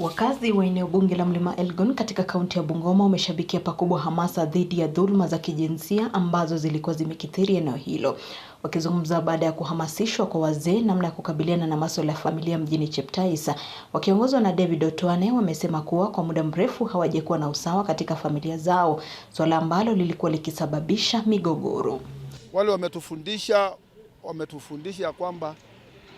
Wakazi wa eneo bunge la Mlima Elgon katika kaunti ya Bungoma wameshabikia pakubwa hamasa dhidi ya dhuluma za kijinsia ambazo zilikuwa zimekithiri eneo hilo. Wakizungumza baada ya kuhamasishwa kwa wazee namna ya kukabiliana na masuala ya familia mjini Cheptaisa, wakiongozwa na David Otwane wamesema kuwa kwa muda mrefu hawajakuwa na usawa katika familia zao, swala ambalo lilikuwa likisababisha migogoro. Wale wametufundisha wametufundisha kwamba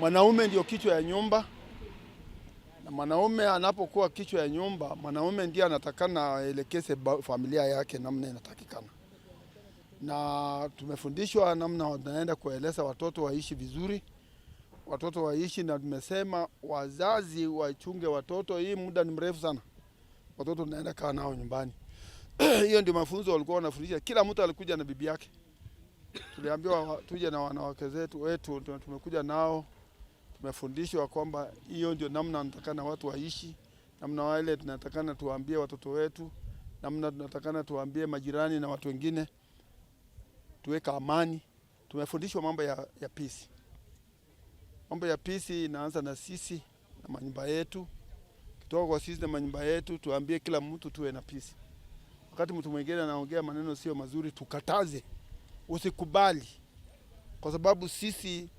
mwanaume ndio kichwa ya nyumba na mwanaume anapokuwa kichwa ya nyumba, mwanaume ndiye anatakana aelekeze familia yake namna inatakikana, na tumefundishwa namna wanaenda kueleza watoto waishi vizuri, watoto waishi, na tumesema wazazi wachunge watoto. Hii muda ni mrefu sana, watoto tunaenda kaa nao nyumbani hiyo ndio mafunzo walikuwa wanafundisha. Kila mtu alikuja na bibi yake, tuliambiwa tuje na wanawake zetu wetu, tumekuja nao tumefundishwa kwamba hiyo ndio namna natakana watu waishi, namna wale tunatakana tuwaambie watoto wetu, namna tunatakana tuwaambie majirani na watu wengine, tuweka amani. Tumefundishwa mambo ya, ya peace. Mambo ya peace inaanza na sisi na manyumba yetu, kutoka kwa sisi na manyumba yetu, tuambie kila mtu tuwe na peace. Wakati mtu mwingine anaongea maneno sio mazuri, tukataze, usikubali, kwa sababu sisi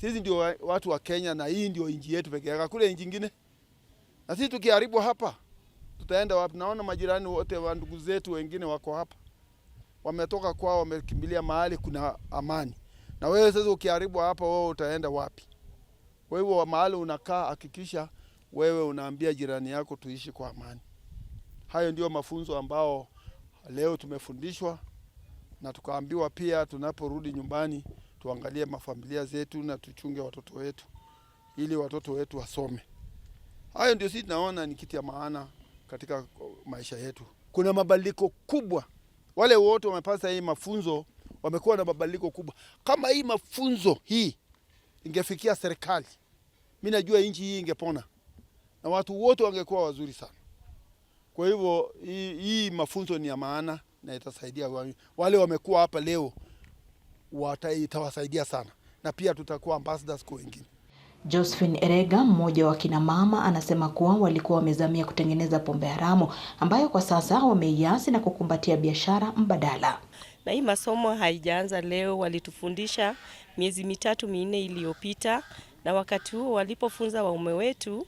sisi ndio watu wa Kenya na hii ndio inji yetu pekee yake, kule inji nyingine. Na sisi tukiharibu hapa tutaenda wapi? Naona majirani wote wa ndugu zetu wengine wako hapa, wametoka kwao, wamekimbilia mahali kuna amani, na wewe sasa ukiharibu hapa, wewe utaenda wapi? Kwa hivyo mahali unakaa, hakikisha wewe unaambia jirani yako tuishi kwa amani. Hayo ndio mafunzo ambao leo tumefundishwa na tukaambiwa pia, tunaporudi nyumbani tuangalie mafamilia zetu na tuchunge watoto wetu ili watoto wetu wasome. Hayo ndio sisi tunaona ni kitu ya maana katika maisha yetu. Kuna mabadiliko kubwa, wale wote wamepata hii mafunzo wamekuwa na mabadiliko kubwa. Kama hii mafunzo hii ingefikia serikali, mimi najua nchi hii ingepona na watu wote wangekuwa wazuri sana. Kwa hivyo hii, hii mafunzo ni ya maana na itasaidia wale wamekuwa hapa leo itawasaidia sana, na pia tutakuwa ambassadors kwa wengine. Josephine Erega mmoja wa kina mama anasema kuwa walikuwa wamezamia kutengeneza pombe haramu ambayo kwa sasa wameiasi na kukumbatia biashara mbadala. Na hii masomo haijaanza leo, walitufundisha miezi mitatu minne iliyopita, na wakati huo walipofunza waume wetu,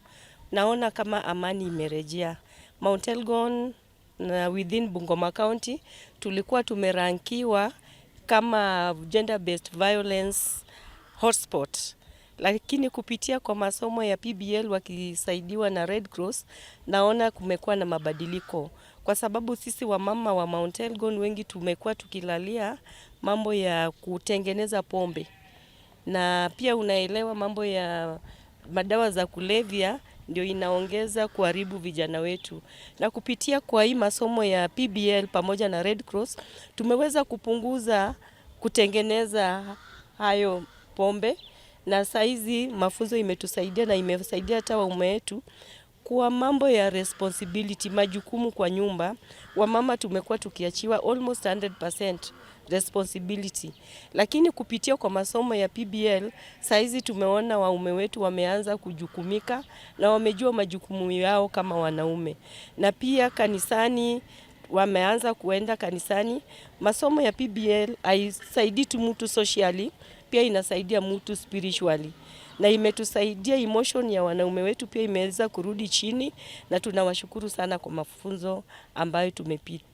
naona kama amani imerejea Mount Elgon na within Bungoma County tulikuwa tumerankiwa kama gender based violence hotspot, lakini kupitia kwa masomo ya PBL wakisaidiwa na Red Cross, naona kumekuwa na mabadiliko, kwa sababu sisi wamama wa Mount Elgon wengi tumekuwa tukilalia mambo ya kutengeneza pombe na pia unaelewa mambo ya madawa za kulevya ndio inaongeza kuharibu vijana wetu, na kupitia kwa hii masomo ya PBL pamoja na Red Cross tumeweza kupunguza kutengeneza hayo pombe, na saizi mafunzo imetusaidia na imesaidia hata waume wetu kwa mambo ya responsibility, majukumu kwa nyumba, wamama tumekuwa tukiachiwa almost 100% responsibility, lakini kupitia kwa masomo ya PBL saizi tumeona waume wetu wameanza kujukumika na wamejua majukumu yao kama wanaume, na pia kanisani wameanza kuenda kanisani. Masomo ya PBL haisaidii tu mtu socially, pia inasaidia mtu spiritually na imetusaidia emotion ya wanaume wetu pia imeweza kurudi chini, na tunawashukuru sana kwa mafunzo ambayo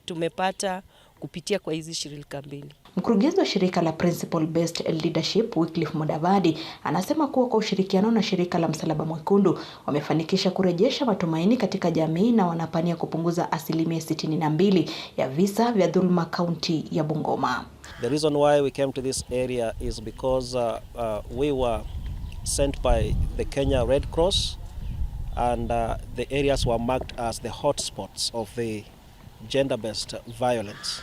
tumepata kupitia kwa hizi shirika mbili. Mkurugenzi wa shirika la Principle Based Leadership Wycliffe Mudavadi anasema kuwa kwa ushirikiano na shirika la Msalaba Mwekundu wamefanikisha kurejesha matumaini katika jamii na wanapania kupunguza asilimia sitini na mbili ya visa vya dhuluma kaunti ya Bungoma. The reason why we came to this area is because uh, uh, we were sent by the Kenya Red Cross and uh, the areas were marked as the hotspots of the gender-based violence.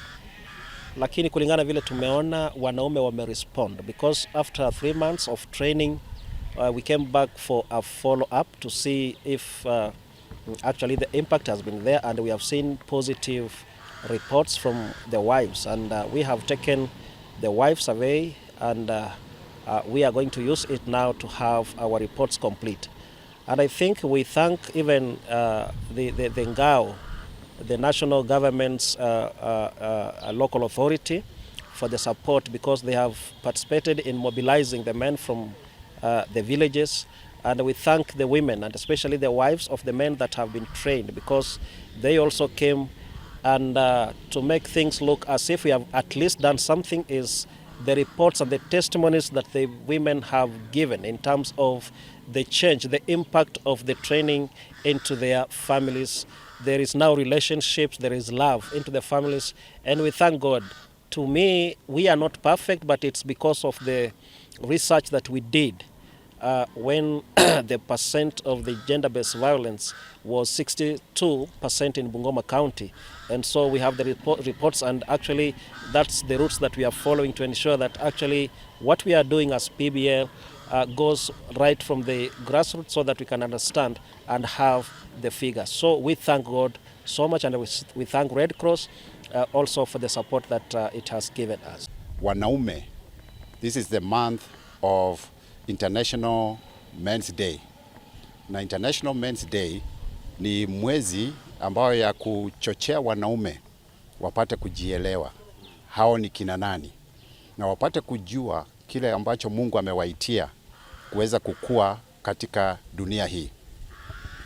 Lakini kulingana vile tumeona wanaume wamerespond because after three months of training uh, we came back for a follow up to see if uh, actually the impact has been there and we have seen positive reports from the wives and uh, we have taken the wife survey and uh, Uh, we are going to use it now to have our reports complete. And I think we thank even uh, the, the, the NGAO, the national government's uh, uh, uh local authority, for the support because they have participated in mobilizing the men from uh, the villages. And we thank the women and especially the wives of the men that have been trained because they also came and to make things look as if we have at least done something is the reports and the testimonies that the women have given in terms of the change, the impact of the training into their families. There is now relationships, there is love into the families, and we thank God. To me, we are not perfect, but it's because of the research that we did uh, when the percent of the gender-based violence was 62% in Bungoma County. And so we have the report, reports and actually that's the routes that we are following to ensure that actually what we are doing as PBL uh, goes right from the grassroots so that we can understand and have the figures. So we thank God so much and we, we thank Red Cross uh, also for the support that uh, it has given us. Wanaume, this is the month of International Men's Day. Na International Men's Day ni mwezi ambayo ya kuchochea wanaume wapate kujielewa, hao ni kina nani, na wapate kujua kile ambacho Mungu amewaitia kuweza kukua katika dunia hii.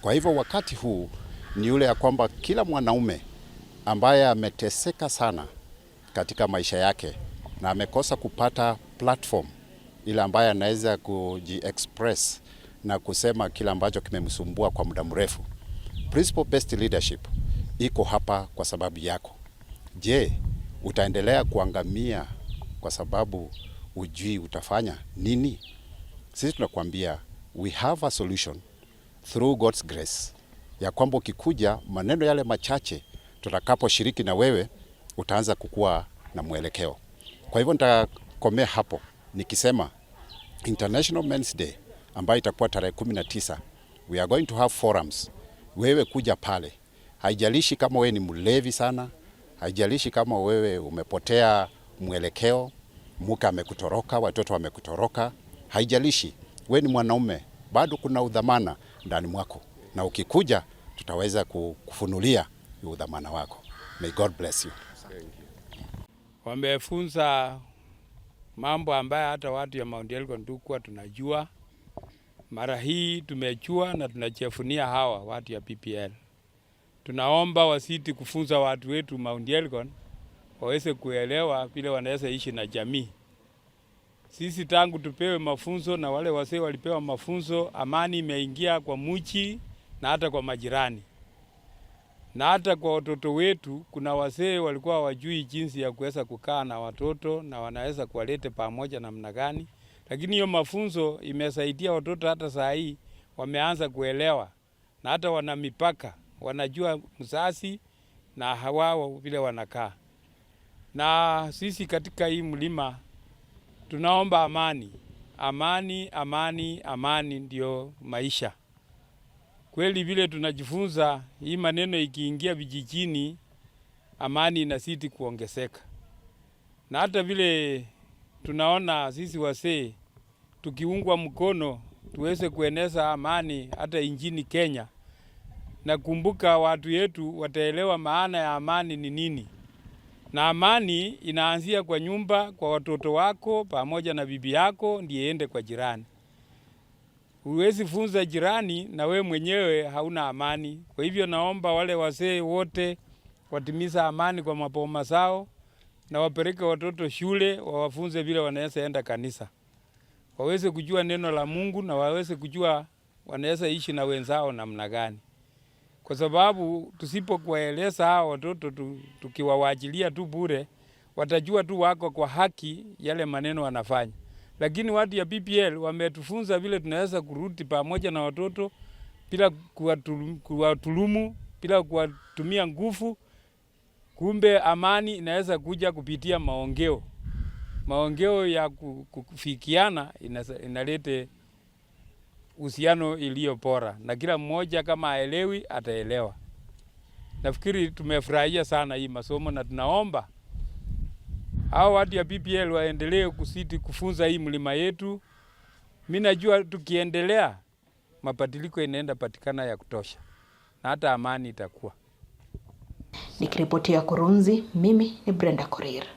Kwa hivyo wakati huu ni ule ya kwamba kila mwanaume ambaye ameteseka sana katika maisha yake na amekosa kupata platform ile ambaye anaweza kujiexpress na kusema kile ambacho kimemsumbua kwa muda mrefu. Principal based leadership iko hapa kwa sababu yako. Je, utaendelea kuangamia kwa sababu ujui utafanya nini? Sisi tunakuambia we have a solution through God's grace, ya kwamba ukikuja maneno yale machache tutakaposhiriki na wewe utaanza kukua na mwelekeo. Kwa hivyo nitakomea hapo nikisema International Men's Day ambayo itakuwa tarehe 19. We are going to have forums. Wewe kuja pale, haijalishi kama wewe ni mlevi sana, haijalishi kama wewe umepotea mwelekeo, muka amekutoroka, watoto wamekutoroka, haijalishi wewe ni mwanaume, bado kuna udhamana ndani mwako, na ukikuja tutaweza kufunulia udhamana wako. May God bless you. Wamefunza mambo ambayo hata watu ya Mount Elgon tukuwa tunajua. Mara hii tumejua na tunachefunia hawa watu ya PPL. Tunaomba wasiti kufunza watu wetu Mount Elgon waweze kuelewa vile wanaweza ishi na jamii. Sisi tangu tupewe mafunzo na wale wasee walipewa mafunzo, amani imeingia kwa muchi na hata kwa majirani na hata kwa watoto wetu. Kuna wasee walikuwa wajui jinsi ya kuweza kukaa na watoto na wanaweza kuwalete pamoja namna gani, lakini hiyo mafunzo imesaidia watoto, hata saa hii wameanza kuelewa na hata wana mipaka, wanajua mzazi na hawao vile wanakaa. Na sisi katika hii mlima tunaomba amani, amani, amani, amani ndio maisha. Kweli vile tunajifunza hii maneno ikiingia vijijini, amani inasiti kuongezeka, na hata vile tunaona sisi wasee tukiungwa mkono tuweze kueneza amani hata injini Kenya. Nakumbuka watu yetu wataelewa maana ya amani ni nini, na amani inaanzia kwa nyumba, kwa watoto wako pamoja na bibi yako, ndiye ende kwa jirani huwezi funza jirani na we mwenyewe hauna amani. Kwa hivyo naomba wale wazee wote watimiza amani kwa mapoma zao na wapeleke watoto shule wawafunze vile wanaweza enda kanisa, waweze kujua neno la Mungu na waweze kujua wanaweza ishi na wenzao namna gani, kwa sababu tusipokuwaeleza hao watoto tukiwawajilia tu bure, watajua tu wako kwa haki yale maneno wanafanya lakini watu ya PPL wametufunza vile tunaweza kurudi pamoja na watoto bila kuwatulumu, bila kuwatumia nguvu. Kumbe amani inaweza kuja kupitia maongeo, maongeo ya kufikiana inalete uhusiano iliyo bora, na kila mmoja kama aelewi ataelewa. Nafikiri tumefurahia sana hii masomo na tunaomba au watu ya PPL waendelee kusiti kufunza hii mlima yetu. Mimi najua tukiendelea, mabadiliko inaenda patikana ya kutosha na hata amani itakuwa. Nikiripotia Kurunzi, mimi ni Brenda Korir.